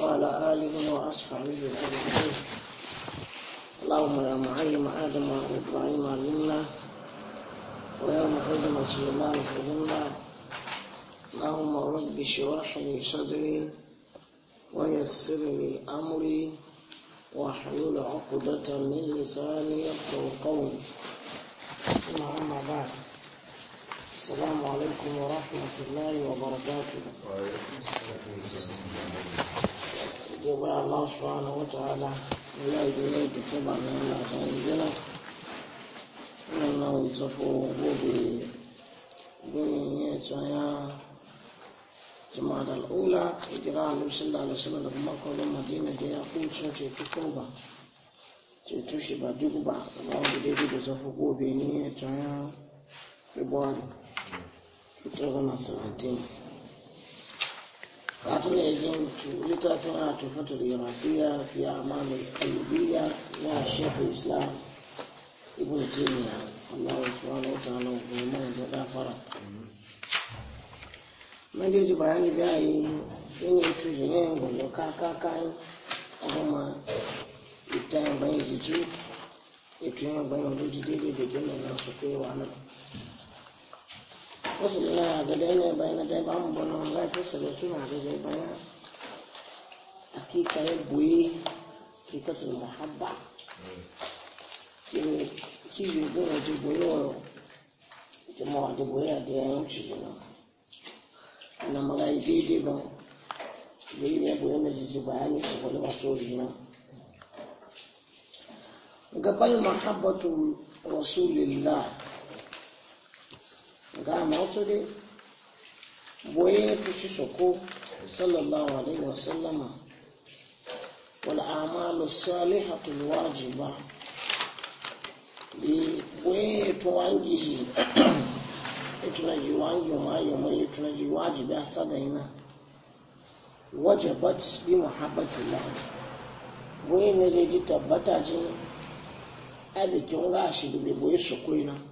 وعلى آله وأصحابه أجمعين اللهم يا معلم آدم وإبراهيم علمنا ويا مخدم سليمان فهمنا اللهم رب اشرح لي صدري ويسر لي أمري واحلل عقدة من لساني يفقه قولي ثم أما بعد السلام عليكم ورحمة الله وبركاته وعليكم الله سبحانه وتعالى لا يجوز طبعا من عشان الجنة لأنه يصفوا بني يتعيا جماعة الأولى إجراء النبي صلى الله عليه وسلم في مكة والمدينة يقول سوتي تكوبا تتوشي بدوبا وما بدي بدي صفوا بني يتعيا في بوالي 2017 karatun da ya jin littafin a tufatul irafiya fi amalin kalbiya na shekul islam ibn timiya allah wa subhanahu wa ta'ala wa mana da gafara mun da ji bayani bayi yin yi tuji ne gwamna kaka kayan kuma ita yin bayan jiju ita yin bayan jiju daidai da gina na su kai wa nan wasu ina ya ga ne bayan da ba mu bono Allah ta sabo tuna da dai bayan hakika ya boye ke ka tun da habba ke ki yi gora ji boyo ita ma da boya da ya wuce da nan ana magana daidai ba da yi ya boye na jiji bayani su kwalwa sori nan gabal mahabbatu rasulillah ga mawato dai boye ya fushi soko sallallahu alaihi wasallama wal'amalu salihatul wajiba bi boye ya tuwangi shi itunaji wangi ya yomai itunaji wajibi a sadaina wajabat bi muhabbati la boye ne zai ji tabbata jin abikin ga da bai boye soko na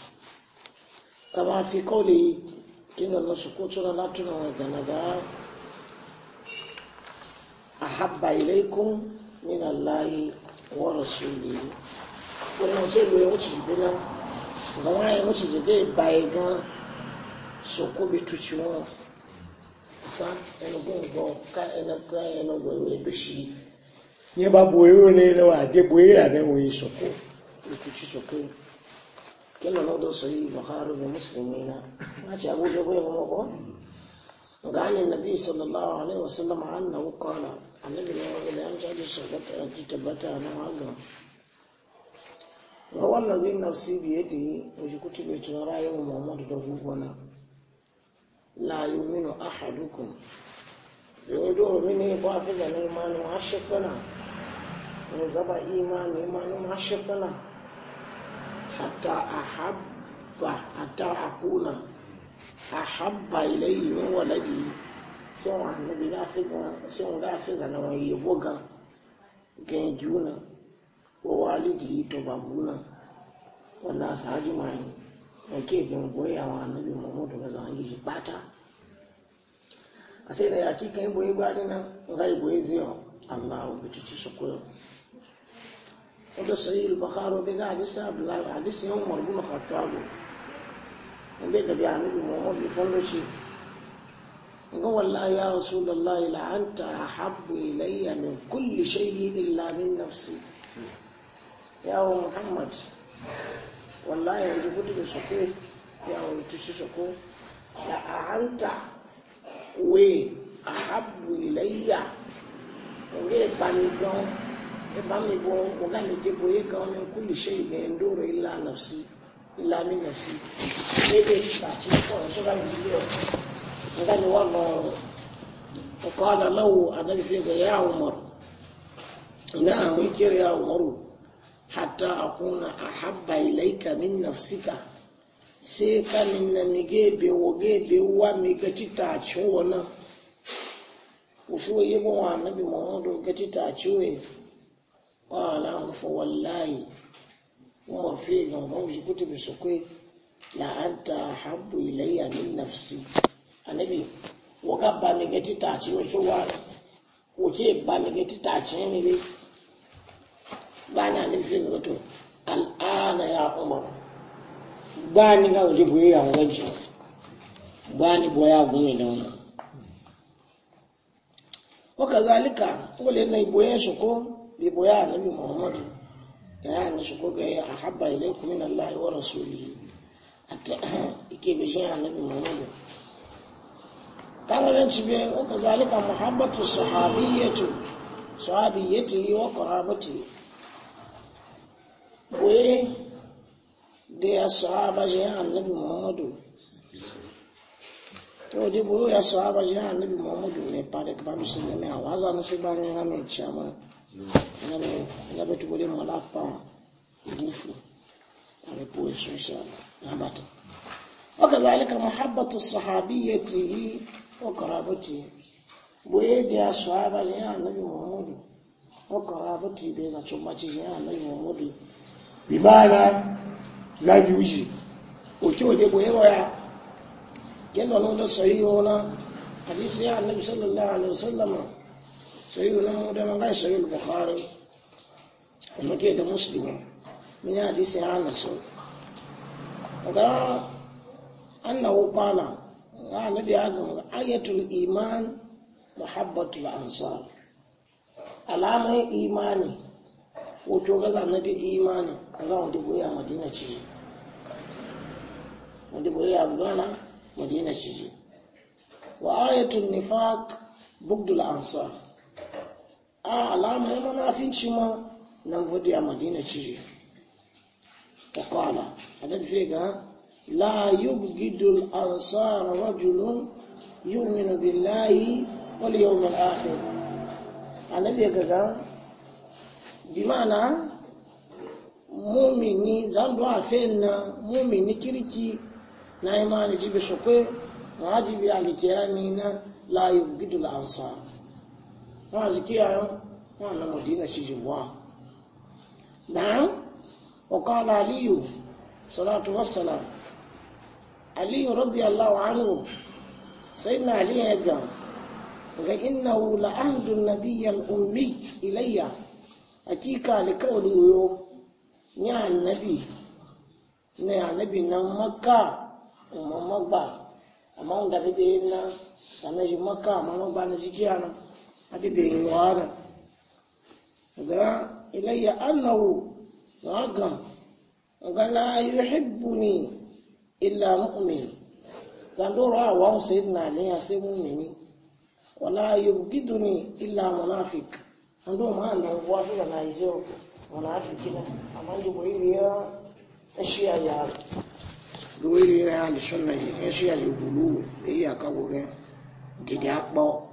kama fi kawle kina na su ko tuna na tuna wa gana da ahabba ilaikum min allahi wa rasuli wani wace lo ya wuce jibi nan ga wani ya wuce jibi bai gan su ko bi tuci wani sa ẹnu gbọ̀ngbọ̀n ká ẹnu ká ẹnu gbọ̀ngbọ̀n ẹbí ṣi yẹn bá bo ewé ní ẹnu àdébò ẹ̀yà náà wọ́n yìí sọ̀kò ètùtù sọ̀kò yìí. kila no do sahih bukhari da muslimina na ce abu da goyi kuma ko ga annabi nabi sallallahu alaihi wasallam annahu qala annabi ne wanda ya ta ji sabata ji tabbata na haka wa wallazi nafsi bi yadi wuji kutube tun rayuwar muhammadu da gugona la yuminu ahadukum sai do mini ba da na zaba imanin hatta ahabba hatta akuna ahabba ilayhi min waladi sai wa annabi da fi ga sai wa da fi zana wa yebo ga ga juna wa walidi to babuna wannan sahaji mai yake bin goya wa annabi Muhammadu ga zan yi bata da yaki kan boye ba dinan ngai zai Allah ubiti su koyo wato sayi al-bukhari bi ga hadisi abdullahi hadisi yawon marbun khattabu in bai gabi a nabi muhammad bi fallaci ga wallahi ya rasulullahi la anta ahabbu ilayya min kulli shay'in illa min nafsi Ya yawon muhammad wallahi yanzu gudu da sako yawon tushe sako la anta we ahabbu ilayya nge bani gan ibami bon ngami jibo ye ka wani kulli shay ga ndoro illa nafsi illa min nafsi ne ke ta so ga jibo ngani wallo وقال له النبي فيك يا عمر نعم ويكير يا عمر حتى أكون أحب إليك من نفسك sai kamin na mige bewo gebe wa mi gati ta ciwo nan ufu yi bawa ƙwala ga fawallahi Umar fi gangan shi kutu bi su kwe la'anta habbu ilayya min nafsi anabi waga ba mi ga tita ci wa shuwa ko ke ba mi ga tita ci ne ne ba na ne fi ga to al'ana ya umar ba ni ga wuce buye ya wanci ba ni boya gumi da wannan wakazalika wale na iboyen su ko a النبي محمد يعني شكوك أحب إليكم من الله ورسوله ike bai shi annabi muhammadu kama ci bai wata zalika muhabbatu sahabiyyatu sahabiyyati wa qarabati we da ya sahaba shi muhammadu to di buru ya sahaba shi muhammadu ne pa da kafa musulmi a waza na shi ba na mai ngabe tukole mwalafa ngufu alipo Yesu inshallah nabata wakadhalika muhabbatu sahabiyatihi ji qarabatihi bwedi aswaba ya annabi Muhammad wa qarabatihi beza chumba chishi ya annabi Muhammad bibana zaji uji uchoje bwewa ya kendo nondo sahihi ona hadisi ya annabi sallallahu alaihi sai na mu da mangai sai bukhari kuma ke da muslim min hadisi anas kaga annahu qala nabi ya ga ayatul iman muhabbatul ansar alamai imani wato ga zanati imani ga wanda goya madina ce wanda goya gana madina ce wa ayatul nifaq bugdul ansar a alama ya manafinci ma nan gudu a madina cire ta kwala a nan fi ga la yubgidul ansar rajulun yu'minu billahi wal yawmil akhir annabi ga ga bi ma'ana mumini zando a na mumini kirki na imani jibe shokwe na ajibi alikiyami na la yubgidul ansar wọn àti kí ayọ a àná mọdínà ṣíṣe wọn. nàá ọ̀kan ara aliyu salatu wasalam aliyu rọ́bì aláwọ̀ ánìwò sẹ́yìn aliyu ẹ̀gà ga inna wula ahdun nabiyyal ummi ilayya hakika alikawli wuyo ni annabi ne annabi nan makka umman magba amma wanda bebe na sanaji makka amma magba na jikiya nan adịbe iwara ga ilayya annahu ga ga la yuhibbuni ila mu'min zandoro a wa na ali ya sai mu'mini wala yubghiduni ila munafiq ando ma na wa sai na yijo munafiki na amma ji boyi ya ashiya ya boyi ya ni sunna ya ashiya ya bulu ya ka goge didi akpo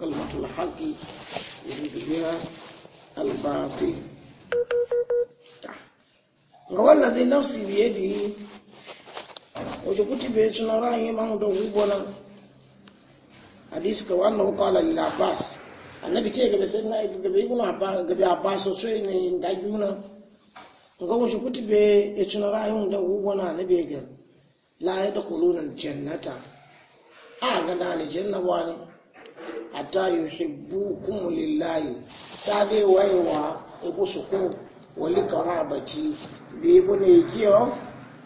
كلمة الحق يريد بها الباطل وهو الذي نفسي بيده وجبتي بيتنا رأي ما هو دوبنا حديث كوانه قال للعباس annabi ke gabe sai na gabe ibn abba gabe abba so so ne da yuna ngo shi kutube e cin rayun da gubona annabi ga la ya dakhuluna aljannata a ga na wani Ata hatta yuhibbukum lillahi sabe waiwa ibu suku wali karabati bi ibu ne kiyo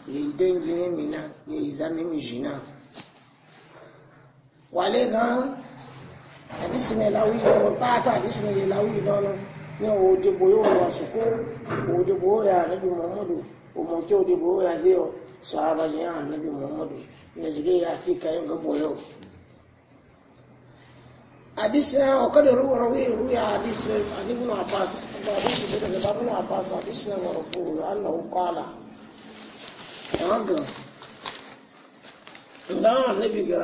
yi dangin mina yi zami mijina wale na hadisi ne lawi yawon bata hadisi ne lawi nonon ní ọwọ́ òdìbò yóò wà sùkú òdìbò yà níbi muhammadu ọmọ tí òdìbò yà zíọ sọ abajiyàn níbi muhammadu ní ìjìlẹ̀ yà kíkà yóò ga boyo. hadisi ya wakada ruwaye ruya hadisi an ibn abbas da hadisi daga babun abbas hadisi na marfu da annahu qala wanga da annabi ga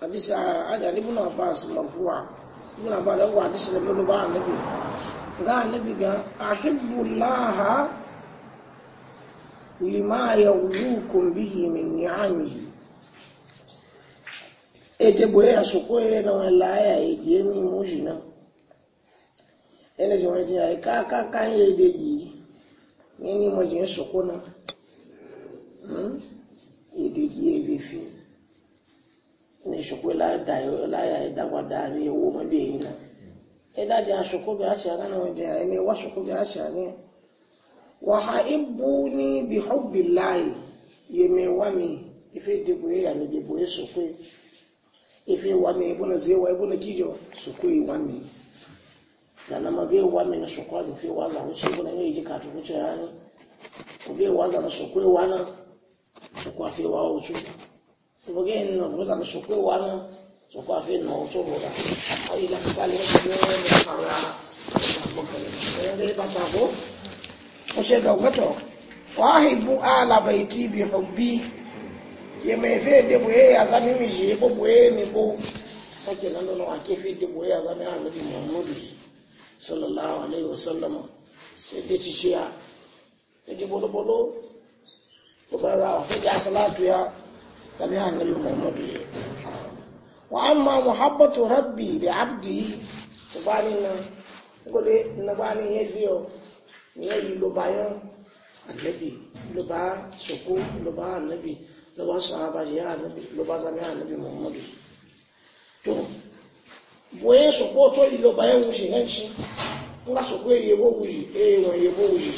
hadisi an eh, ibn abbas marfu'a ibn abbas da hadisi na ga lima yawlukum bihi min ni'amihi ete boye ya e na wala ya ye ene e e ka ka ka ye de ni ni mo jin na hmm ye de yi ye de fi ne da yo la ya da wa da ni wo mo de e na ni wa bi wàháìbùní bìhọ́bìláì yèmẹ̀wámi ìfẹ́ ìdìbò yẹ̀yà ní ìdìbò yẹ sọ̀kọ́ ìfẹ́ wàmí ìbúna zéwà ìbúna jíjọ sọ̀kọ́ ìwàmí nanama bẹ́ẹ̀ wàmí ní sọ̀kọ́ àdùnfẹ́ wà láwọn ṣe ìbúna yẹ ìjì kàtó kúchẹ̀ rání òbí wà zànà sọ̀kọ́ ìwà náà sọ̀kọ́ àfẹ́ wà òtún ìbúgẹ́ ìnà fún zànà sọ̀kọ́ ìwà náà sọ̀kọ́ àfẹ́ ìnà òtún rọ̀rà wọ́n yìí láti sálẹ̀ ẹ̀ wato gaugato wahibu ala bai ti bi hobbi e ya mai fi de buye ya zami mi je ko boye mi ko e sake nan don wa ke fe de boye ya zami annabi muhammadu sallallahu alaihi wasallam sai da ci ciya e da ji bolo bolo ko ba za a fi salatu ya zami annabi muhammadu wa amma muhabbatu rabbi da abdi ta bani na gode na bani ya ziyo yayi lo bayan annabi lo ba soko lo ba annabi da ba sahaba ya annabi lo ba zama annabi muhammadu to boye soko to lo bayan wuce nan shi nga soko yebo wuji eh wa yebo wuji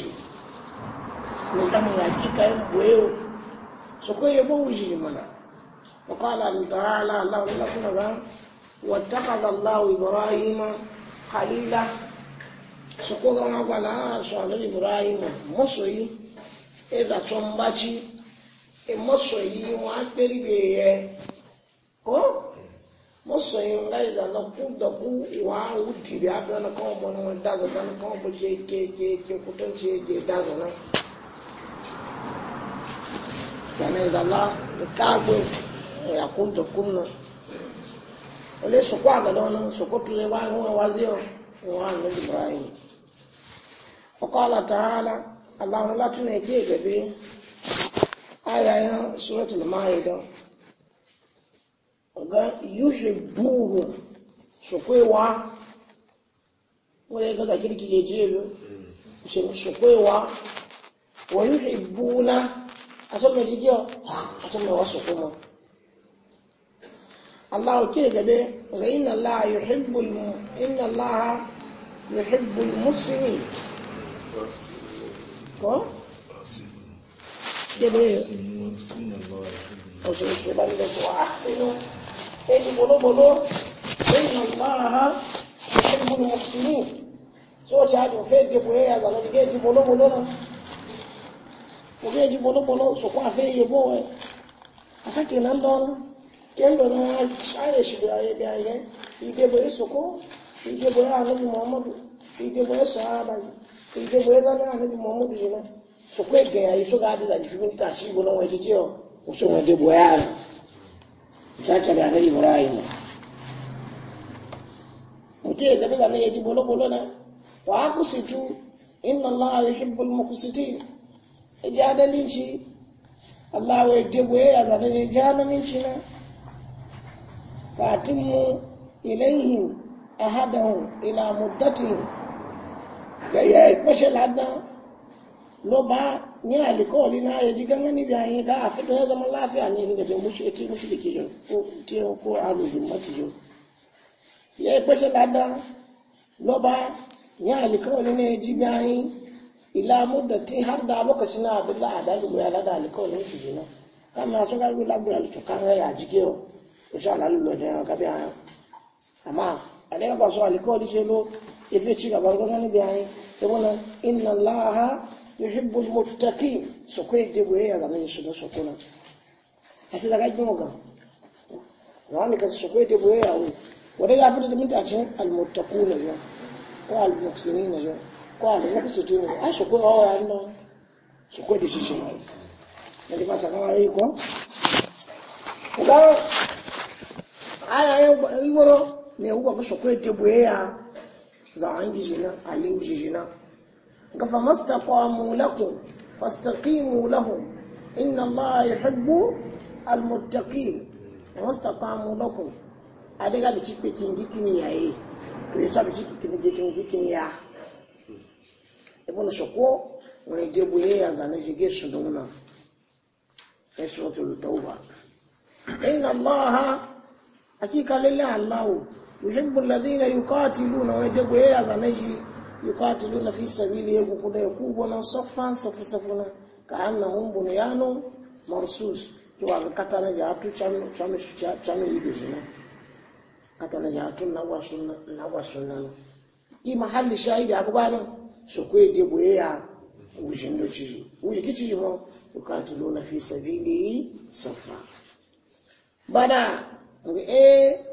ne ta mun hakika boye soko yebo wuji mana وقال تعالى الله لكم واتخذ الله ابراهيم خليلا sọkọ ga wọn gbala aṣọ àlórí ibrahim mọsọ yìí ẹdà yi ń bá jí mọsọ yìí wọn á péré bẹ mọsọ yìí wọn láyé zànà kú dọkú ìwà awù tìrì abẹ́rẹ́ kọ́ ọmọ ní kú وعن إبراهيم وقال تعالى الله لا تنكي به ya سورة المائدة يحبوه سكويوا wani ga zakir kike jelo sukwewa wa yuhibbuna a can mai jigiyar a can mai wasu Allah ke ga inna Allah yuhibbul inna Allah يحب المسلمين ko kede oṣù ìṣẹ̀lẹ̀ kò àṣìlò ẹni bolobolo lẹ́yìn ọ̀gbọ́nha ẹgbùn mọ̀sílù tí ó ṣáájú fẹ́ dẹ̀kù ẹ̀ àgbàlọ́ ní kéèjì bolobolo náà kò kéèjì bolobolo sọ̀kọ́ àfẹ́ iye bó ẹ̀ asẹ́kì náà dán kéèjì lọ́nà wọn ṣáyẹ̀ ṣìgbìyà ẹgbẹ̀ ayẹ́ ije boye anabi muhammadu ije boye sahaba yi ije boye zana anabi muhammadu yi na so kwe gen iso ga gadi da jifi minta shi gona wai jije o uso wai de boye ana chacha da anabi ibrahim muke da bi zana yaji na wa akusitu inna allaha yuhibbul muqsitin e ije n'ichi allah ya n'ichi na fatimu ahadahu ila muddati ga ya yi kwashe ladan lo ba ni alikoli na ya ji gangan ni biyayi ga a fito ya zama lafiya ne ni da bai mushi eti mushi da ke jin ko tiyo ko alu zimmati jin ya yi kwashe ladan lo ba ni alikoli ne ya ji biyayi ila muddati har da lokaci na abin da a daji guya lada alikoli mushi jina kama sun ga gudu lagbura licokan ya jike o O Allah lullu da ya gabi a amma alaiha ba su alkawari sai ife ci gaba gwanan biyayi ya wani inna allaha yuhibbul muttaqin su kai dibu ya zama shi da su kuna asi daga gimo ga wani kasu su kai dibu ya wu wanda ya fita da mutacin almuttaqun ne ko almuqsinin ko a ne huwa ga sokwe te buya za an gijina shi ujijina ga fa mastaqamu lakum fastaqimu lahum inna allaha yuhibbu almuttaqin mastaqamu a daga da ci pekin gikini yi to yasa bi ci gikini gikini gikini ya ibn sokwo ne te buya za na shige ya shi wata lutauba inna allaha hakika lillahi allahu yuhibbu alladhina yuqatiluna wa jabu ya zane shi yuqatiluna fi sabili yaku kuda yaku bona sofan safu safuna ka annahum bunyanu marsus ki katana ja tu cham cham cham jina katana ja tu na wa na wa ki mahalli shahidi abugana su kwe ya ujindo mo yuqatiluna fi sabili safa bana e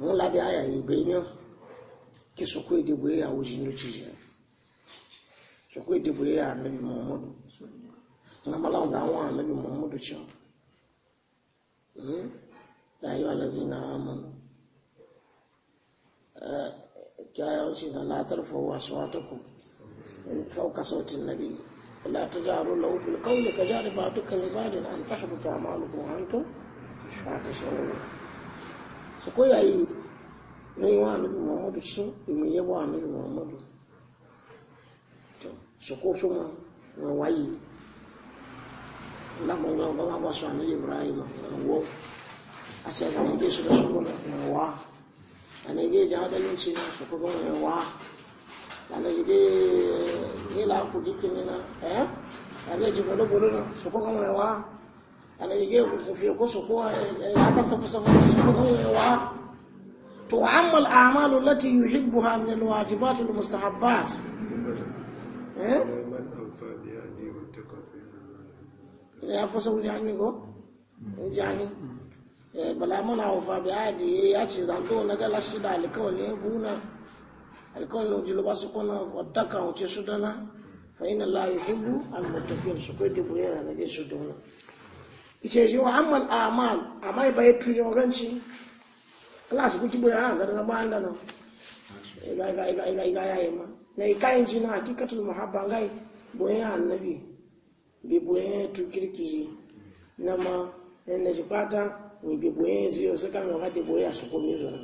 ŋun labi aya yi be nyɔ ki sukuu edibo ye awo zi nyɔtsi zi sukuu edibo ye anabi muhammadu nga mala ŋun gaa ŋun anabi muhammadu tsi hmm ayi wa amanu ɛɛ kyaa yɔn si na laatar eh, fo wa sɔɔta ko fo ka sɔɔti nabi la tajaaru lahu bil kawli kajaari baadu kan baadu an taxbutu amaalukum antum shaatu su koya yi na yi wa annabi muhammadu su imin yabo annabi muhammadu to su ko su ma na wayi lamar na gama ba su annabi ibrahim na wo a sai da nage su da su ko na wa a nage jan adalin ci na su ko gama na wa da na jige eh, ni la ku na eh a ne ji na wa anayige fi kusu ko eh, eh, ya ta safu safu ko wa to amma al'amal allati yuhibbuha min alwajibat almustahabbat eh ya fasa wujani go wujani eh, bala mana wa fabi adi ya ce zanto na gala shida alkawali ya buna alkawali na ujilu basu kuna wadda kan wuce su dana fa ina la yuhibbu almuttaqin su kai dubu yana nage su dana ice shi wa amal amal amma ba ya tuje ranci Allah su kuki buya ga da ba nan ga ga ga ga ga yayi ma nay kayan hakikatul muhabba gai boye annabi bi boye tu kirki na ma nan da jipata ni bi boye ziyo saka mi wakati boye a asuko mizo na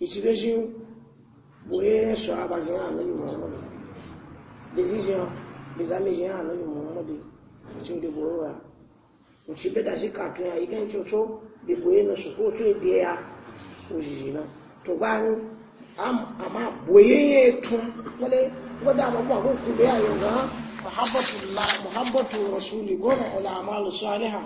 ichibe shi boye su a so abazina annabi muhammad decision bizami jina annabi muhammad lokacin da borora wuce bida shi katun ya yi kan coco na su ko su ya na to ba ni amma boye ya wale wadda ba da ya muhabbatu rasuli saliha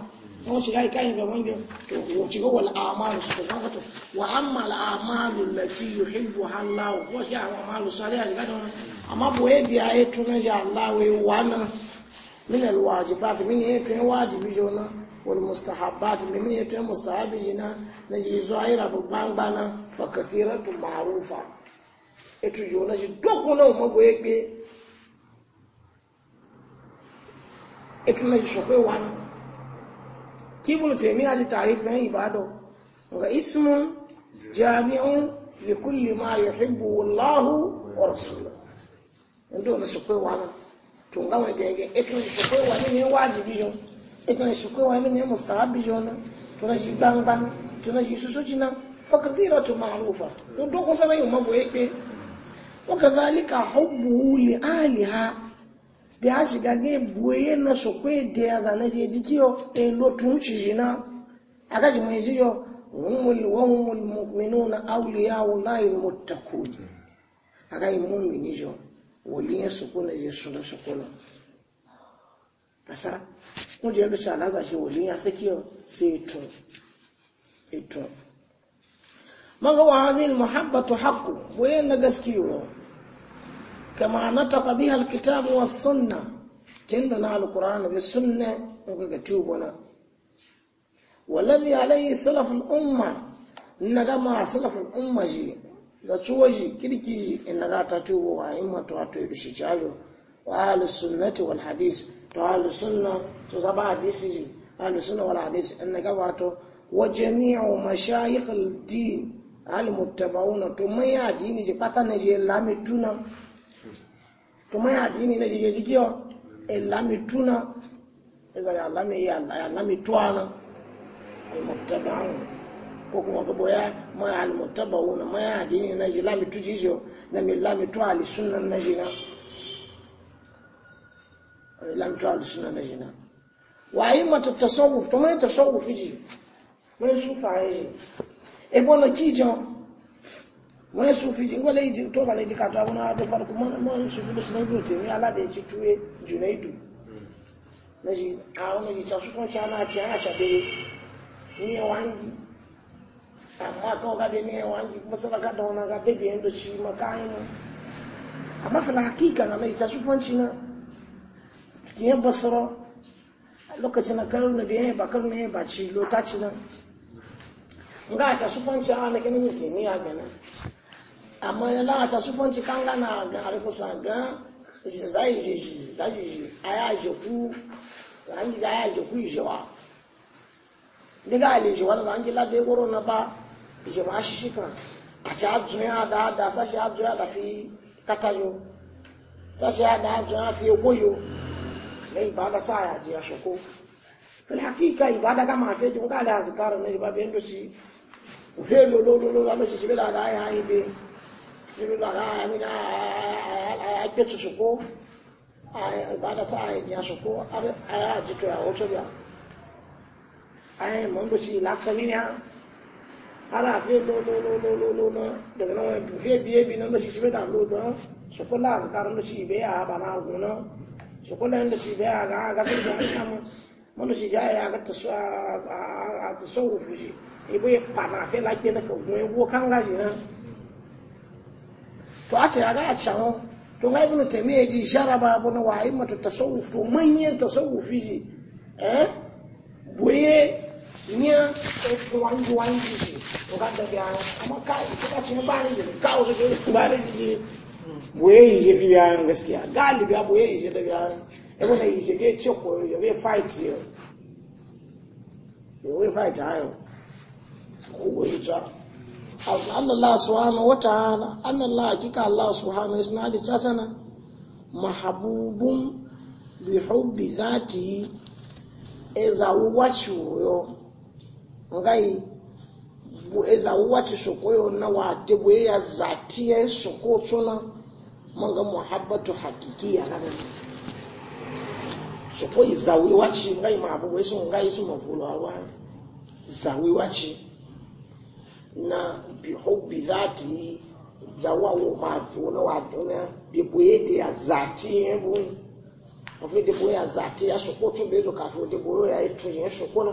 min alwajibat min ya tun wajibi jona wal mustahabbat min min ya tun mustahabi na ji zahira fa bangbana ma'rufa etu jona shi doko na mo go egbe etu na ji sokwe wan kibun temi adi tarifin ibado ga ismu jami'un li ndo na sokwe wan tunga eh, wa gege shi shukwe wani ne wajibi yo eh, shi shukwe wani ne mustahabi yo na tuna shi bang bang tuna shi susu jina fa kathiratu ma'rufa to do ko sana yo mabo yake wa kadhalika hubbu li aliha bi ashi gage boye na shukwe de ya zana je jikiyo e lo shi jina aka ji mai jiyo humul wa humul mu'minuna awliya'u la muttaqun aka yi mu'mini jo waliyan sukuna je suna sukuna kasa kun je yadda shana zashe waliyan sakiyo sai ito ito man ga wa hadhihi almuhabbatu haqqu wayan na gaskiyo kama nataka biha wa was sunna tunda na alquran bi sunna kun ga tubuna والذي umma سلف الأمة إنما salafin umma ji. zachuwaji kirkiji inaga tatu wa imma to ato chalo wa ahlus sunnati wal hadith to ahlus sunna to zaba hadisi ahlus sunna wal hadith inaga wato wa jami'u mashayikh al din al muttaba'una to maya dini je pata ne je lami tuna to maya dini ne je jikio e lami tuna eza ya lami ya lami twana al muttaba'una ko kuma ga boya ma al mutabawuna ma ya na ji mi tu jijo na mi lami tu al sunna na ji na eh, lami tu al sunna na ji wa yi mata tasawuf to mai tasawuf ji mai sufa yi e bona kijan wani sufi jin wale yi to wale ji kato na da farko man sufi da sunan yin ala da yake tuwe junaidu na ji a wani ji ta sufan shi ana ci ana cabe ni yawan amma kawo ga da ne wani masaraka ga bebe na mai ta sufanci na cikin yan basaro a na karar na da yan na yan baci na nga a na kenan mutum ni a na lawa ga a ya je ku an a ya na ìṣẹ̀wọ̀n aṣíṣí kan àti àjùyàn àdáadáa sáṣẹ́ àjùyàn àdá fi kátayọ sáṣẹ́ àdáadáa fi owó yọ lẹ́yìn ìbáda sáà àjẹ àṣọkó fẹ́lẹ́ àkíkà ìbáda ká fẹ́ jùmọ́ káàdé àzìkárọ̀ náà ìbá ń dọ̀sí òfé lolólóló ara fe lo lo lo lo lo lo na daga na fe biye bi na shi shi da lo do so ko la zakar no si be a bana go na so ko la no shi be a ga ga ta ja ta mo mo shi ja ya ga ta so a ta so ru fuji e be pa na fe la ke na ko go go kan ga shi na to a ce ga a ce ho to ga ibnu taymiya ji shara ba bu na wa aimatu tasawuf to manyan tasawufi ji eh boye minha eu ainda eu ainda dizia o gato da viagem uma casa que está barriga causa que barriga dizia buei je fi viagem gaskiya galibi a buei je da viagem eu vou naí cheguei choco eu vi fight eu eu vi fight ayo kuwa ita Allah subhanahu wa ta'ala Allah hakika Allah subhanahu wa ta'ala tasana mahabubun bihubbi dhati ezawu wachuyo ngai eza wati soko yona wate bwe ya zati ya soko tsona manga muhabbatu hakiki ya kana soko izawi wachi ngai mabu wesu ngai su mavulo awa zawi wachi na bihubbi dhati za wawo mabu ona wadona bibwe ya zati yebu ofide bwe ya zati ya soko tso bezo kafu de bwe ya etu ya soko na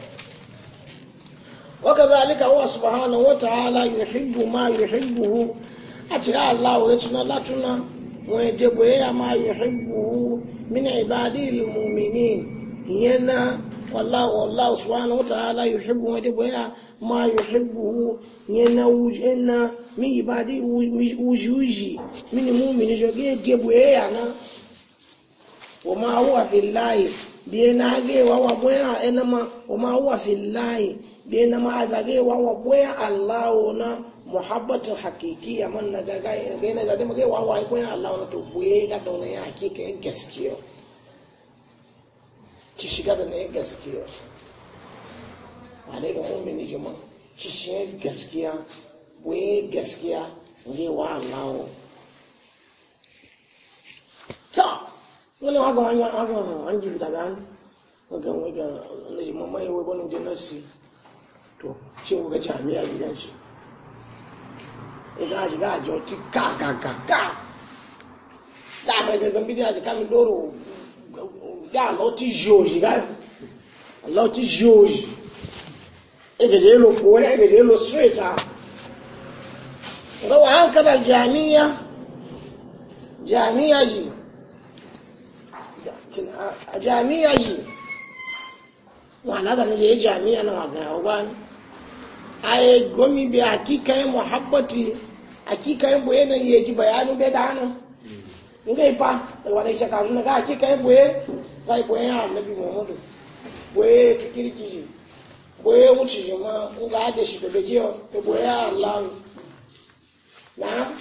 وكذلك هو سبحانه وتعالى يحب ما يحبه أتلا الله يتنا لا تنا ويجب ما يحبه من عباده المؤمنين ينا والله والله سبحانه وتعالى يحب ويجب ما يحبه ينا وجنا من عباده وجوجي من المؤمن يجب أنا وما هو في الله بينا وهو بينا إنما وما هو في الله bai na ma zagewa wa boya allahu na muhabbatin hakiki ya man na gaga ya na zade wa wa boya allahu na to boye ga ya hakika ya gaskiyo ci shiga da na ya gaskiyo wale ga ummin nijima ci shiga gaskiya boye gaskiya ne wa allahu ta wani haka an yi daga an ga wani to ce mu ga jami'a gidan shi idan shiga a ti ka ka ka ka da mai gangan bidiya da kamin doro da lauti joji ga lauti joji egeje lo kore egeje lo straight ha ga wa hankala jami'a jami'a ji jami'a ji wa na ga ya jami'a na wa ga wa aye gomi be hakika ya muhabbati hakika ya boye nan ya ji bayanin bai da hannun nga ipa na ga hakika ya boye ga ipo ya annabi muhammadu boye fikiri kiji boye wuce ji ma nga shi bebe jiyo da boye ya allahu na ya ya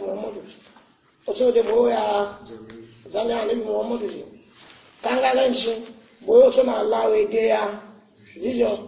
muhammadu boye ya muhammadu ji kanga boye otu na ya zizio.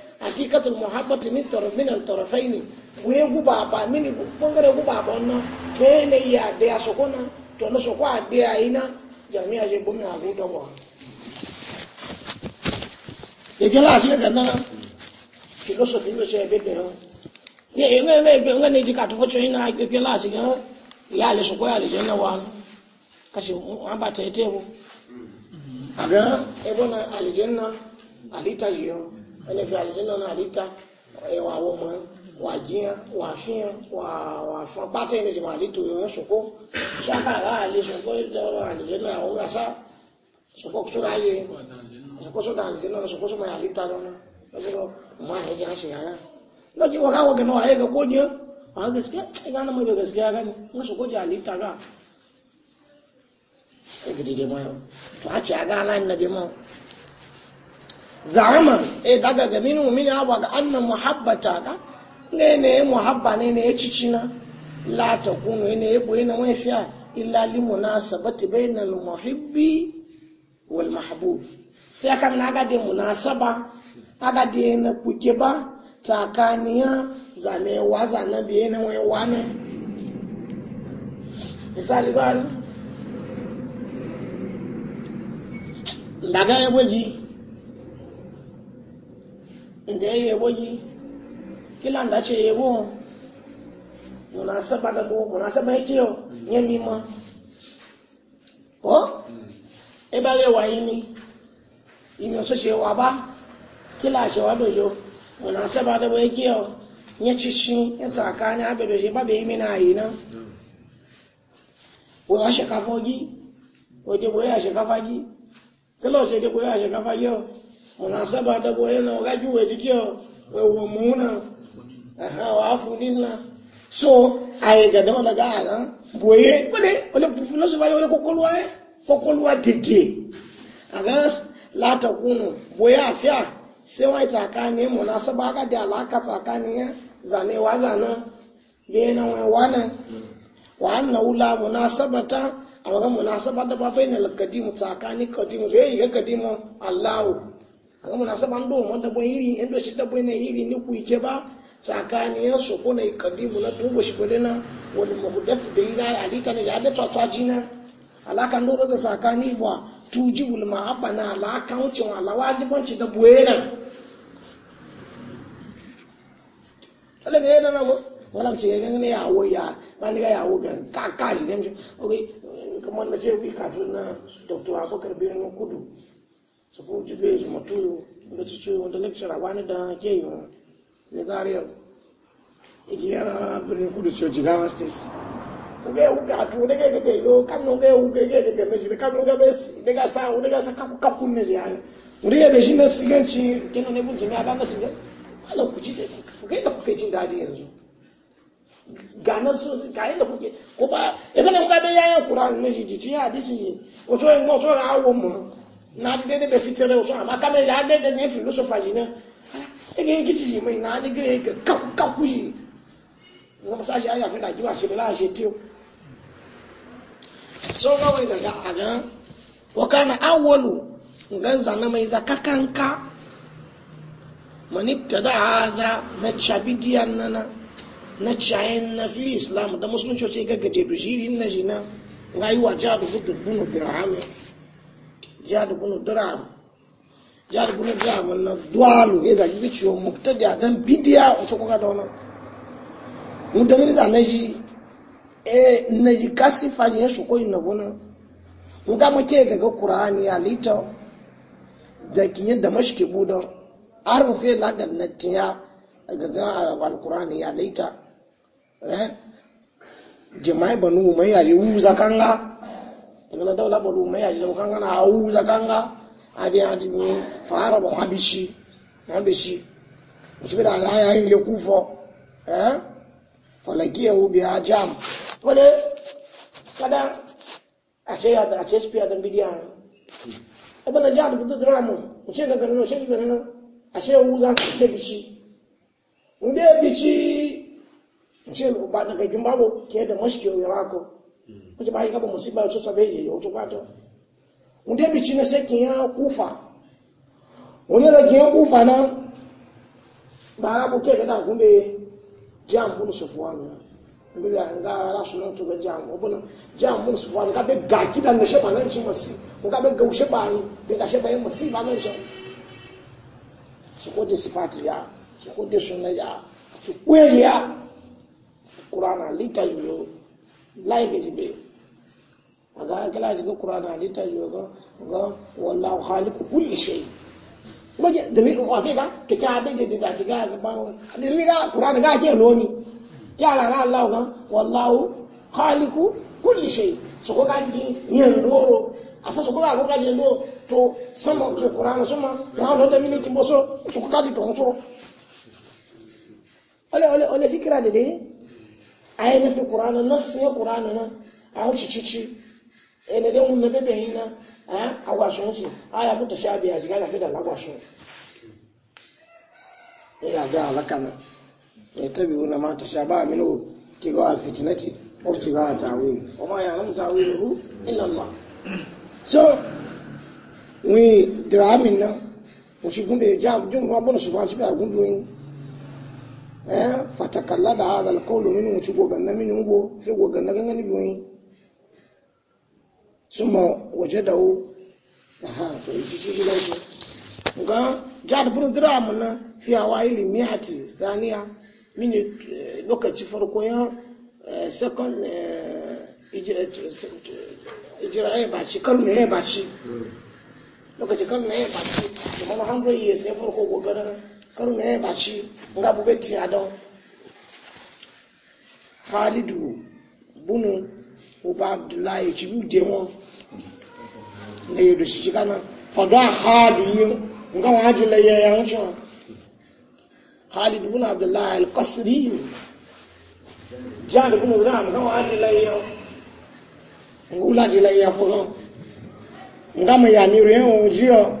hakikatul muhabbati min torof min torofaini we guba ba min bangare guba na gudo wa mm. na philosophy no ka na ye gela ji ẹni fi àlìjínà náà àríta ẹwà àwọn ọmọ wà jíyàn wà fíyàn wà fún pátẹ́ ẹni sì wà àlítò ìwọ̀n ṣòkó ṣáká àrá àlè ṣòkó ìdọ̀rọ̀ àlìjínà àwọn àṣà ṣòkó sódà ayé ṣòkó sódà àlìjínà ṣòkó sódà àríta lọ́nà lọ́gbọ́n ọmọ àhẹjẹ àṣẹ yàrá lọ́jọ́ wọ́n káwọ́ gẹ̀nà wà ẹ̀gẹ̀ kó jẹ́ àwọn gẹ̀ẹ́sìkẹ́ ìgbàna mọ́ gẹ̀ẹ́sìkẹ́ ara ní wọ́n ṣòkó jẹ́ àlítà rà ẹ̀gẹ̀dẹ̀dẹ̀ mọ́ ẹ̀ tó àti àgá aláìnàbẹ̀ mọ́ zama e eh, daga ga minu mini abu ga annan muhabbata ga ne ne muhabba ne ne cici na la ta kunu ne ya boye na mai fiya illa li munasabati bainal muhibbi wal mahbub sai aka mina ga de munasaba aga de na kuke ba tsakaniya zane wa zane biye na wai wane misali ba daga ya gwaji inda ya yebo yi kila da ce yebo munasaba da go munasaba nye mimo ko e ba le wa imi so se wa ba kila se wa dojo munasaba da go nye chichi ya tsakani abedo je ba be yimi na yi na wo a se ka o je o ona saba dabo yana wakaji wejikio wewo muna aha wafu so aye gana ona ga aga boye kole ole philosophy ole kokolwa kokolwa dede aga lata kunu boye afya sai wai tsakani muna saba da alaka tsakani ya zane wazana bena wai wana wa annahu la munasabata amma Allahu aga muna saban do mo dabo iri endo shi bai na iri ni ku ike ba tsakani ya so ko ne kadimu na tubo shi gode na wani muhdas bi ila alita ne ya da to tsotsa jina alakan ndo da tsakani ba tujibul ma'aba na alakan wucin ala wajiban ci dabo yana alaga yana na ba wala mce yana ne yawo ya ba ni ga yawo ga kakari ka ni ok kamar na ce wi ka na dr abubakar birnin kudu su ko ji bai zuma tuyo da ci ciwo da lecture wani da ke yi ne zariyar igiya birnin kudu ciwo jigawa state uge ugatu nege gege yo kam nuge uge gege gege mezi kam nuge besi nega sa nega sa kaku kaku mezi yani uriye beji na siganci kina ne bunji me adana siga ala kuji de uge da ke jin dadi yanzu gana so si ga inda kuke ko ba idan uga be yayan qur'an ne ji ji hadisi ji wato en mo so ga mu na de dede bɛ fitire o so ama kama ya dede ne filosofa yi na ege gici yi mai na ni ge ga kaku kaku yi na masa shi aya fi na jiwa shi la aji tiyo so ga wai daga aga wa kana Nga nza na ka mai zakakanka manibta da hadha na chabidiyan nana na chayin na fili islam da musulunci ce gaggace to shi na jina rayuwa ja da gudu bunu dirhamin jihar ibn dirham jihar ibn dirham na duwalu ya ci biciyo muktadi a dan bidiya wace kuka da wannan mu da mini zane ji, e na ji kasi faji ya shi koyi na vuna mu ga make daga qur'ani ya lita da kinyin da mashike buda arfe la da natiya ga al-qur'ani ya lita eh jama'i banu umayya yuza kanga kana dawla bolu me ya jira kanga na awu za kanga adi adi mi fara ba habishi habishi musibe da ya yi le kufo eh falakia u bi ajam wale kada ashe ya da ashe spiya da bidiya e bana ja da bidu dramu mushe ga ganin mushe ga ganin ashe u za ashe bishi nde bishi mushe ba daga jumbabu ke da mashkiyo irako kuke bayi gaba musiba to sabe ye o kwato unde bi chine se kiya kufa unde ki kiya kufa na ba bu ke da kumbe jam bunu sufwana bila nga rasu nan to jam obuna jam bunu sufwana ka be gaki da ne sheba nan masi ko be gaushe ba ni be ka sheba masi ba nan cin su sifati ya su ko ya su láìpẹ́ ti bẹ̀rẹ̀ àgbà akẹ́lá àti kó kura náà níta ju ọgọ́ ọgọ́ wọn la ọ̀hà ní kúkú lè ṣe yìí gbọ́dọ̀ dèmí ọ̀fẹ́ ká kẹ̀kẹ́ abẹ́jẹ̀ dèdè àti ká àgbà wọn dèmí ká kura ní ká jẹ́ kí àlà náà láwù kan wọn la ọ̀hà ní kúkú lè ṣe yìí sọ̀kọ́ ká jí yẹn lóró àṣà sọ̀kọ́ ká kọ́ká yẹn lóró tó sọ́mọ̀ tó kura ní sọ́mọ̀ láwọn lọ́dọ̀ mi ní ti bọ́ sọ́ sọ̀kọ́ ká di tọ̀ ń sọ́ ọlẹ́ ọlẹ́ ọlẹ́ fíkìrà dèdè yìí ayi na fi ƙur'ani nasu ya ƙur'ani na a wuce cici ene dai mun na bebe yi na a gwasun su aya mutu shi sha biya jiga na fitar lagwasun ina ja alaka na ya tabi wuna ma ta sha ba minu tigo alfitinati or tigo a tawili o ma ya nan tawili hu illa Allah so wi diramin na o shi gumbe jam jum wa bona su fa ci ba gumbe eh fatakalla da hadha alqawlu minhu go goganna min mugo fi goganna gangan biyoyi summa wajadahu aha to ci shi shi lawo ga jad bin dram eh, eh, eh, hmm. na fi awaili mi'ati thaniya min lokaci farko ya second ijira ba ci kalmi ya ba ci lokaci kalmi ya ba ci kuma hanzo yi sai farko goganna karu na ya baci nga bube tiya don halidu bunu uba abdullahi ci bi de wọn na yedo shi ci kana fado a hadu yi nga wọn haji laye ya wuce wọn halidu bunu abdullahi alkasiri jihar bunu ram nga wọn haji laye ya nga wula ji laye ya fugan nga mai yamiru yan ojiyo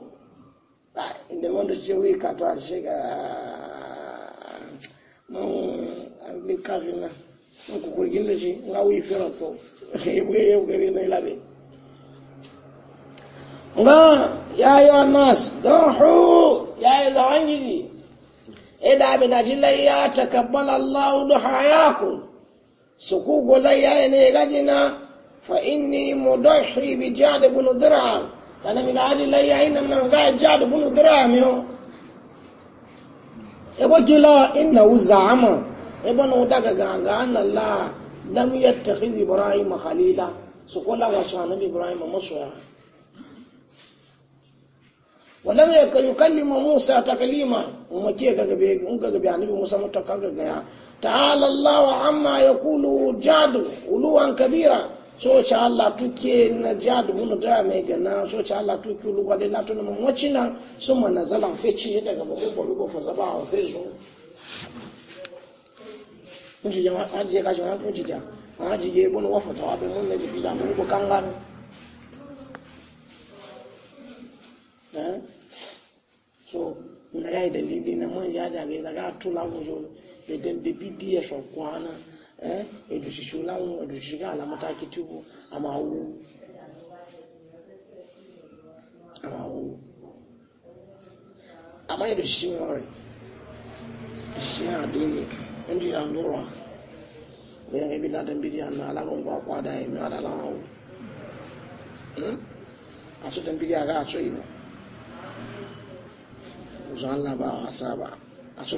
inda wanda ce wai ka to a ce ga mun likafin nan in kukurgin da shi nga wuyi fira to ya buga yau gari na ilabe nga ya yi nas don hu ya yi zawon gidi da bi na ji layya ta kabbala allahu duha yaku su kugu layya ne gajina fa inni mudahi bi ja'd ibn sannan mi gaaji lai ayi nan nan ga jadu bunu dirami miyo ebo gila ina wuza ama ebo na daga ganga annan la lam yattakhiz ibrahim khalila su kula wa su annabi ibrahim masoya kayu yukallima musa taklima umake bai gabe gaga bai annabi musa mutakar gaga ya ta'ala allah amma yaqulu jadu uluwan kabira soci Allah tuke na jiya dubu dara mai gana soci Allah tuke lugwa da na na sun ma na zalan feci daga lugwa fa zaba a fesu jama kashi wani wafa ta wabe mun na ji fita na dalili na mun ya eh edu shishu lawo edu shiga ala mataki tubu ama ama wu ama edu shishu na dini ndi ya ndurwa ne ebi na dan bidiya na ala ron da mi ala lawo hmm? aso dan aso ba asaba aso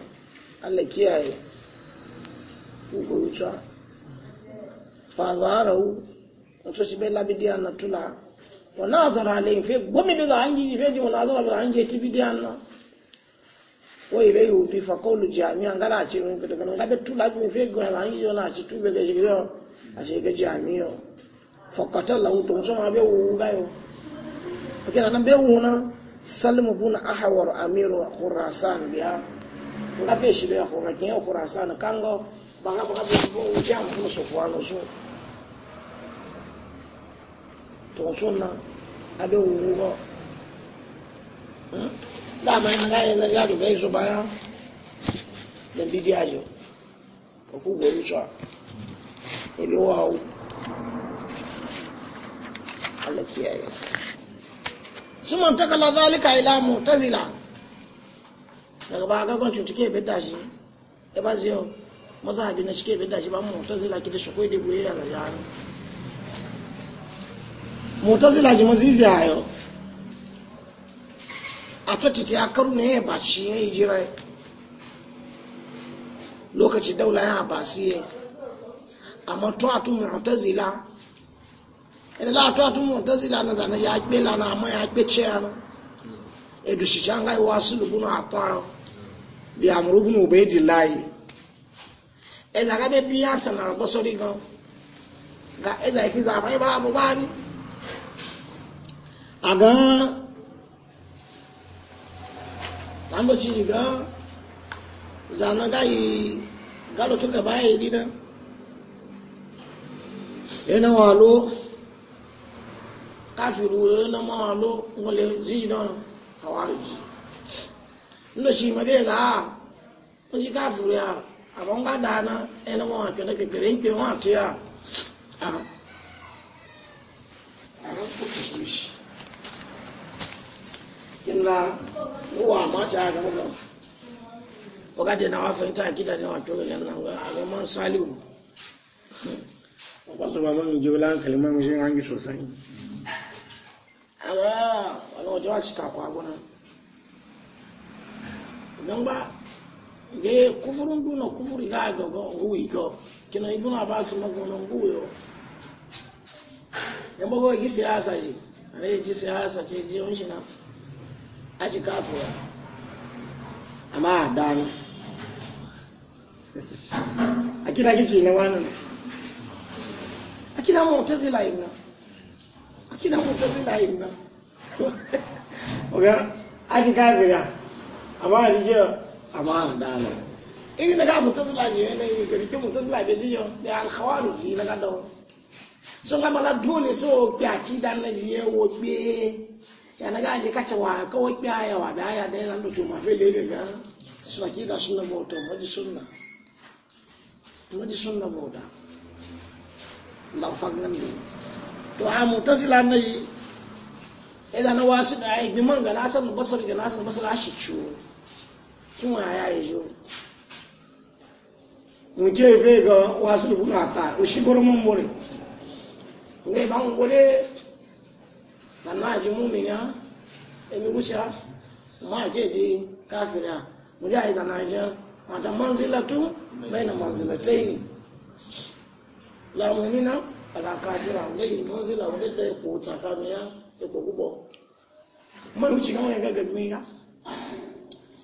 Allah kiyaye kukurucha fazarau wato shi bai labidiya na tula wa nazara alayhi fe gomi bi hangi fe ji wa nazara bi hangi ti bidiyan na wa ilayhi bi fa qawlu jami'an gala ce mun fita kana labe tula bi fe go na hangi na ci tube ga shi yo a ce ga jami'o fa qatala hu to so ma be wu ga yo ke sanan be wu na salmu bun ahwar amiru khurasan biya nga feshi da ko ga kin ko rasa na kango ba ga ba ga bo jam ko so ko ano so to sunna abe wu go da ma na ga ya do be so ba ya da bidiya jo ko ku go ni so ilo wa Allah kiyaye ثم انتقل ذلك إلى معتزلة daga ba ga gwancin cike bai da shi ya ba zai maza abin na cike bai da shi ba mu ta zila da shi ko da buye ya zarya hannu mu ta zila ji mazizi a yau a tattata ya karu ne ya baci ya yi jira lokaci daula ya basi ya amma to a tun mu ta zila ina la to a tun mu ta zila na zana ya gbe na, amma ya gbe ce edu shi can yi wasu lubuna a tsayon bi amuru bin ubaidillah ẹ̀dà gábẹ́ bí àṣà nàrà bọ́ sórí gan ga ẹ̀dà ìfisà àmọ́ ìbá àbọ̀ bá ní àgán tàbí gan zànà gáyì gálò tó yi yìí nínú ẹ̀nà wà ló káfìrú ẹ̀nà wà ló wọlé ndo shi ma bela ga ndi ka kafuru ya abon ga na ene mo ah. Ah, ake ah, na kekere ipe wọn ati ya kinla wa ma ta ga mo wakati na wafenta akida ni watoto ni nanga alama saliu kwa sababu mimi jula kalima mimi yangu sosai ama wanaotoa shika kwa bwana don ba ga kufurin duna kufuri ga ga guwi ga kina ibn abbas magunan guwo ya bago gi siyasa ji ne ji siyasa ce ji on shi na aji kafura amma dan akida gici ne wannan akida na inna akida mu'tazila inna oga aji ya. amma yanzu jiya amma dala irin da ga mutasila je ne ga rike mutasila be jiya da alkhawari ji na gado sun ga mala dole so ya ki dan na jiya wo be ya na ga je kace wa ka wo be aya wa be aya da nan to ma fe lele ga su ki da sunna bo to mo ji sunna mo ji sunna bo da Allah fa ngan to na yi idan wasu da ai bi man ga nasan basar ga nasan basar shi ciwo kí wọ́n àyà ìṣó mùjẹ́ ìfẹ́ ìgọ́ wá sí Na àtà òṣìgbọ́rọ̀ mọ́ mọ́rẹ̀ ní ìbá ń wọlé nàná àjí mú mi ní ẹmi wúṣà mọ́ àjẹ́jì káfìrà mùjẹ́ àìsàn àjẹ́ àtà mọ́nsílá tó bẹ́ẹ̀nà mọ́nsílá tẹ́yìn lámùmínà lẹ́yìn mọ́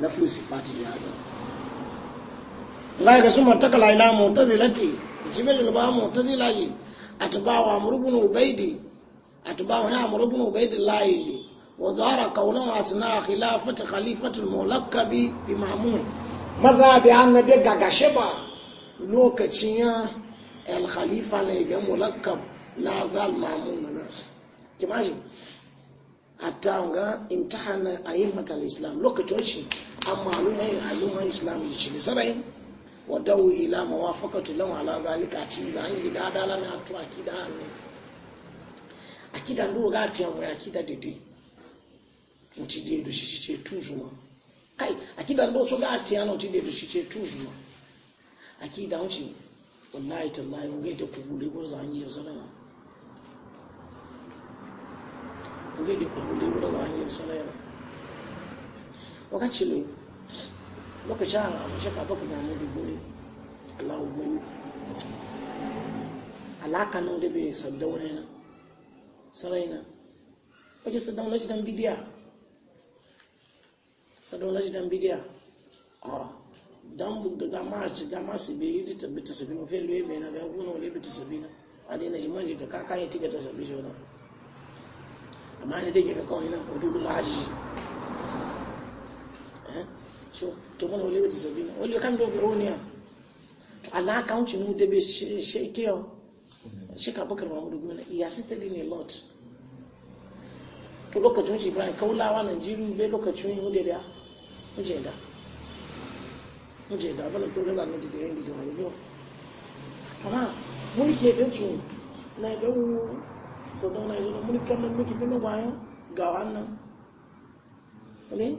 na fusifati ya zo laga su mata kala ila mu ta zilati asna khilafat khalifatul mulakkabi bi maza bi annabi gagashe ba lokacin ya ne ga mulakkab la gal islam lokacin amma alumai alumai islam yi shi sarai wadda wu ila mawafakatu lahu ala zalika ci da an gida dala na to akida ne akida ndu ga ti amu akida dede nti de do shi ce tujuma kai akida ndu so ga ti yana ti de do shi ce tujuma akida unci wallahi tallahi ga da kubule ko za an yi sarai ngai ta kubule ko za an yi sarai wakati ne lokacin al'amashe ka baka damu da gori allahu gori alaka nan da bai wani na sarai na wajen saddaure shi dan bidiya saddaure shi dan bidiya a dan da dama a ci dama su bai yi ta bi ta sabi na fiye luwe bai na bai kuna wale bi ta sabi na a dina na ji manji ga kaka tigata ta sabi shi wani amma ne dai ke kakawai na kudu lahaji Eh? so to mana wale wata sabi na wale kan dobe roniya to ala kan ci mu dabe shekiyo sheka bakar mahmudu gona he assisted in a lot to lokacin shi ibrahim kaulawa nigeria bai lokacin yi hudu da muje da muje da abin da ko gaza na jide yin gidan wani yau amma mulki da su na gawo sau da wani zo da mulki kan mulki bin bayan ga wannan ne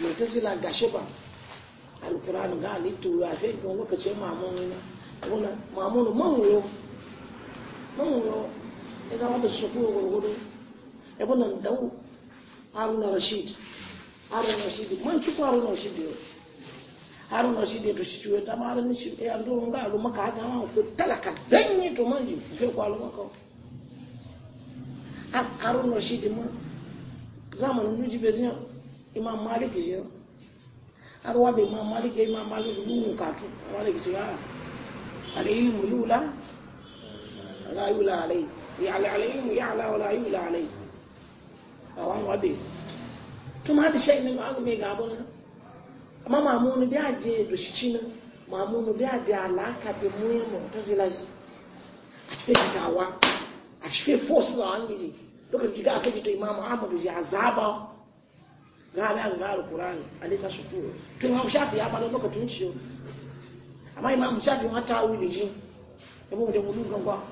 mutazila gashe ba alkur'ani ga halittu ya fi kan lokacin mamuni na mamuni manwuyo manwuyo ya zama da su kuma gurgudu ibn nan dau haruna rashid haruna rashid man ci haruna rashid yau haruna rashid ya tushi ciwo ta mara ni shi ya ndo nga alu maka hata ma ko talaka danyi to manji fe ko alu maka haruna rashid ma zamanin nuji bezin imam malik je har wada imam malik ya imam malik lungun katu wada ki shiga alayhi mulula la yula alai ya ala alayhi ya ala wala yula alai awan wabe tuma da shay ne ma ga me gabon amma mamunu bi aje do shi na mamunu bi aje alaka bi ta wa, shi fi tawa a shi force da an gije lokacin da aka ji to imam ahmad ya gabe an ga alkurani alita sukuru tun imam shafi ya fara tun ciyo amma imam shafi ma ta wuli ji yabo da mudu kan kwa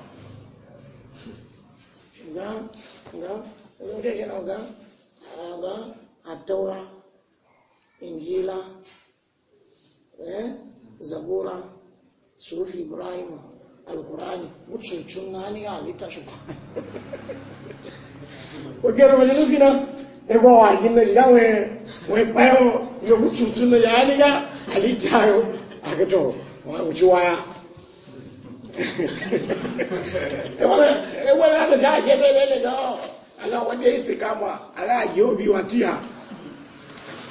ga ga mun da jina ga ga ataura injila eh zabura sufi ibrahim alkurani mucucun na n'ani ga alita sukuru ko gero majalisi na ẹgbọ́ wà gí lè yáwọn wọn pẹ́ ọ ya tuntun ah, lè ya nígbà àlíjà ọ àgùtọ̀ wọn ya wáyà. ẹwọ́n náà lọ́jà àjẹ́ bẹ́ẹ̀ lẹ́lẹ̀ náà wa tí a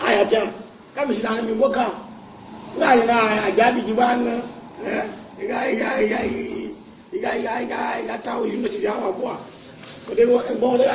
àyàjá kámìsì náà mi mọ́ kàn láàyè náà àjá bìjì bá ń ná ya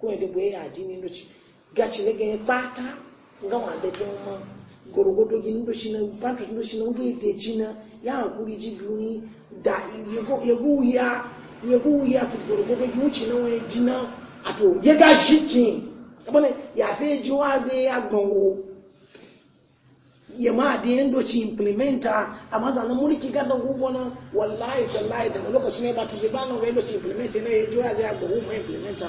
ko yadda bai ya ji ni doci gaci le ganye pata nga wa da jin ma gi ni na pata ni na ngi de ji na ya hakuri ji biyu ni da ya yego ya yego ya tu gi uchi na wa ji na ato ye ga shi ki abone ya fe ji wa ze ya gongo ya ma da yin doci implementa a mazanin mulki gada gubana wallahi tallahi daga lokacin ya ba ta shi ba nan ga yin doci implementa ne ya ji wa ze ya gongo ma implementa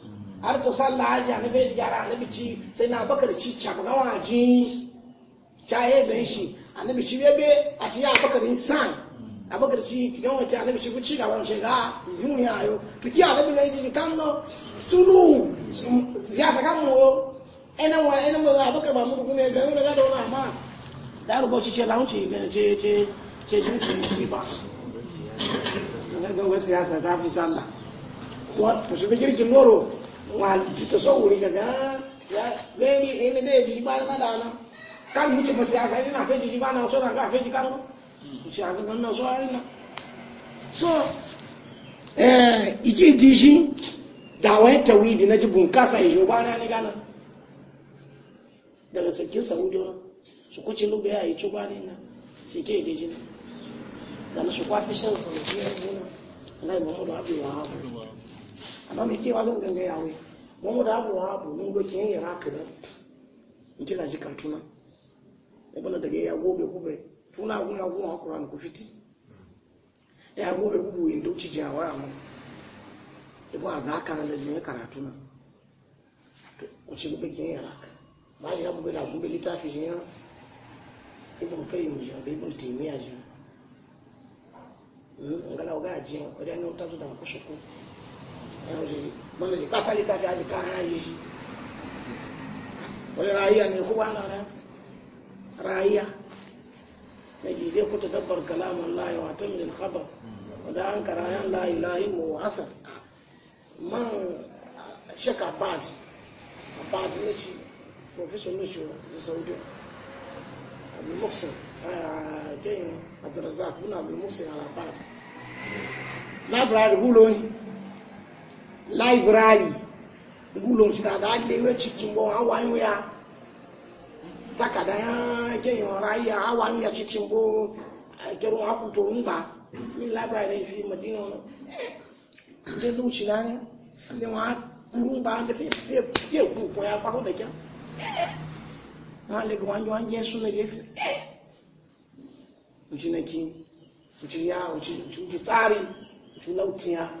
har to sallah haji annabi ya gyara annabi ci sai na bakar ci camga waji caye zan shi annabi ci bebe a ci ya bakar insan a bakar ci cikin wata annabi ci kuci ga wani zimu ya yo to ki annabi na ji kan no sulu siyasa kan mu ina wa ina mu a bakar ba mu kuma ga wani ga da wani amma da rubo ci ce launci ga ce ce ce jin ci musiba ga ga siyasa ta fi sallah wa to shi bigirkin noro wọn àti tasawuri gàgá lẹ́yìn ẹni bẹ́ẹ̀ jìjì bá náà dáná káàkiri mú ti mọ̀ sí àṣà na àfẹ́ jìjì bá náà sọ́nà àgbà àfẹ́ jì so Ee ìdí iṣi da ẹ̀tẹ̀wé ìdí na ti bùn kásà ìṣòwò náà ní daga sakin saudi su kuce lube ya yi na shi ke yi jini da na shi kwafi shan sauki ya zina na yi abubuwa amma mai kewa zan ganga yawe mun mu damu wa abu mun doki yan yara ka na in ji laji katuna ebe na daga ya gobe gobe tuna gun ya gun hakuran fiti ya gobe gobe in dauci jawa ya mu ibu a za ka ndị ya gobe da gobe littafi ya ji da ji ngala ga ji wajen ta zo yawon shi mana shi kata littafi aji kaya yi shi wani rayiya ne kuma ana nan rayiya na gije ku ta dabbar kalamun layi wa ta min alkhabar wadda an kara yan layi layi mu asar man shaka bad bad ne shi professor ne shi da saudi abu muksin a kenya uh, abdurazak muna abu muksin alabad library bulo ne library gulon su daga lewe cikin bo hawan ya takada ya kenyon raya hawan ya cikin bo eh, kere haku to ngba mi library fi madina ọnụ eh, de lu ci na ni le wa kuru ba de fi fi ya pa eh, ha le gwan jo anje su na ki ya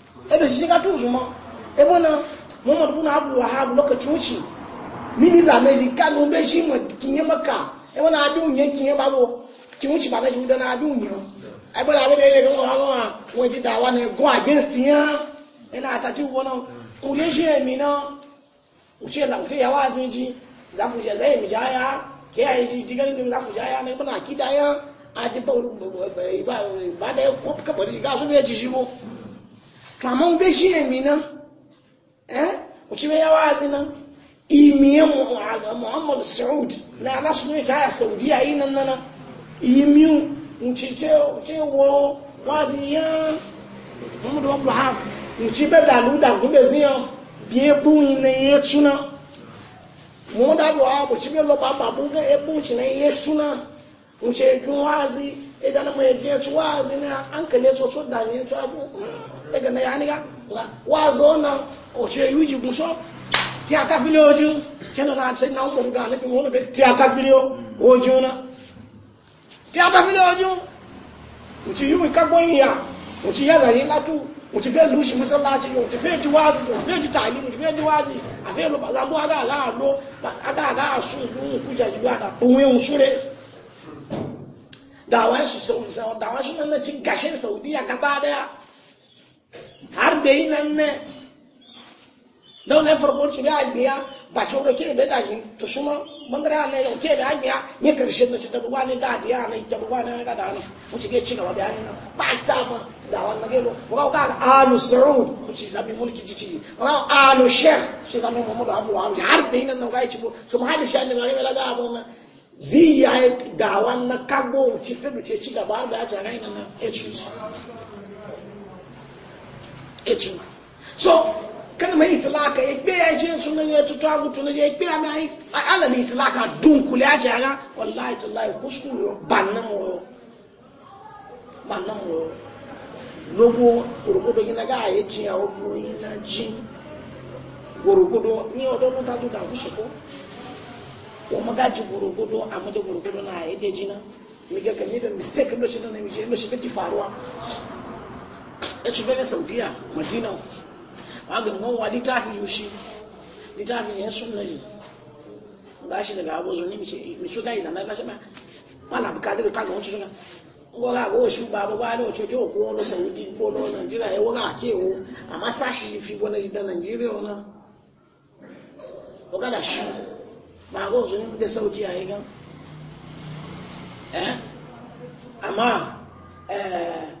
edo shi shiga tuzu ma abu wahab lokacin wuce mini zane shi kanu be shi ma kinye maka ebo na abi unye kinye babo ba na juda na abi go ya ina na uce la ufe ya wazin ji zafu je zai mi jaya ke ya ji digal din zafu jaya na kidaya a ji ba ba ba da ka kama ọ shi emi na ọchịchị uchibe ya wazi na imiye muhammad saud na ala sunu ya ya saudi yi nan nana imiyu nchiche uchewo wazi ya muhammad wa abraham nchibe dalu dalu beziyan bie bu ina ye tuna muhammad abraham uchibe lo baba bu ga ebu china ye tuna nche ju wazi idan mu ye je wazi na an kale so so da ne to abu daga na ya wa o yuji muso ti aka fili oju kena na sai na umaru ga nabi wani bai ti aka fili oju na ti aka o o yaza yi latu o ci fẹ́ lùsì mọ́sálásí o ti fẹ́ jíwáàzì o fẹ́ jítàlí o ti fẹ́ jíwáàzì àfẹ́ lọ pàtàkì adáàlá adáàsù ìlú ìkújà ìlú àdà òun ẹ̀hùn súré dàwọn ẹ̀sùn sọ̀rọ̀ dàwọn ẹ̀sùn náà ti gàṣẹ́ Saudiya gaba daya har da yi nan ne don na farko ci ga biya ba ci wuri ke da daji to shi ma bangare ne yau ke da biya ya karshe da shi da ruwa ne da diya ne da ruwa ne ga da hannu mu ci ke ci gaba bayani na ba ta ba da wannan gelo mu ga ka alu saud mu ci zabi mulki ci mu ga alu sheikh shi zabi mu da abu abu har da yi nan ga ci ko su ma hada shan da ga la ga abu na ziya da wannan kago ci fidu ce ci gaba da ya ci nan ya ci su eji so kana mai itilaka ya gbe ya je ya tutu agu tunan ya gbe ya mai ala ni itilaka dunkule ya jaga wallahi tallahi kuskuru yo bannan mu yo bannan mu yo logo orogodo gina ga ya ji ya obu ina ji orogodo ni odo no tatu da kusuko o maga ji orogodo amade orogodo na ya de jina mi ga kamida mistake lo shi na mi je lo shi faruwa ya ci bane saudiya madina ba ga ngon wa littafi yushi littafi ya sunna ji ba shi daga abu zuni mi mi su dai zana ba shi ba wala bukatar ka ga wancan suka wala go shi ba ba wala wace ke ko wani saudi ko wani najeriya ya wala ke wo amma sashi fi wani da najeriya wannan wala shi ba go zuni da sauki yayi gan eh amma eh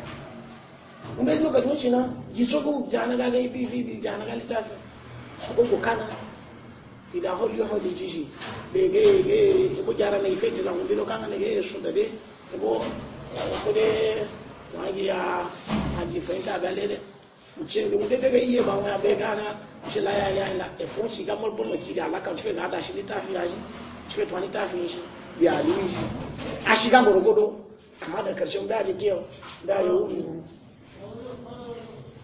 mbe duka tunci na yisogu jana ga gai bibi bi jana ga litafi ko ko kana ida hol yo hol jiji be ge ge ko jara na ifeti za ngundilo kanga ne ge su da de ko ko de wangi ya aji fenta ga lele mchele mbe de ge iye ba wa be gana mchela ya ya ina, e fon si ga mol bono ki ga la ka tfe na da shi litafi la ji tfe to ni tafi shi bi ali a shi ga gorogodo amma da karshen da ji kiyo da yo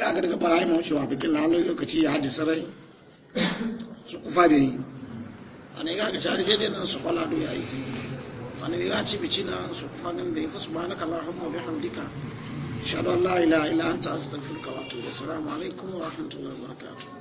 ya ga daga fara mu cewa bikin lalo lokaci ya haji sarai su kufa bai yi ana ga ga cari dai nan su kwala yi a ne ga ci bici na su kufa nan bai fa subhanaka allahumma bihamdika ashhadu an ila an illa anta filka wa da assalamu alaikum wa rahmatullahi wa barakatuh